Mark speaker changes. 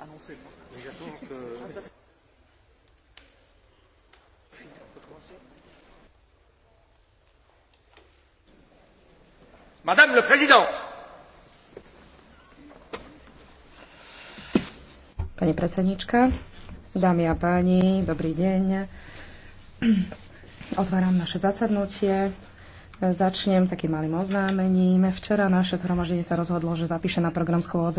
Speaker 1: annoncé. Mais j'attends que...
Speaker 2: Madame le Président.
Speaker 3: Pani predsednička, dámy a páni, dobrý deň. Otváram naše zasadnutie. Začnem takým malým oznámením. Včera naše zhromaždenie sa rozhodlo, že zapíše na program schôdze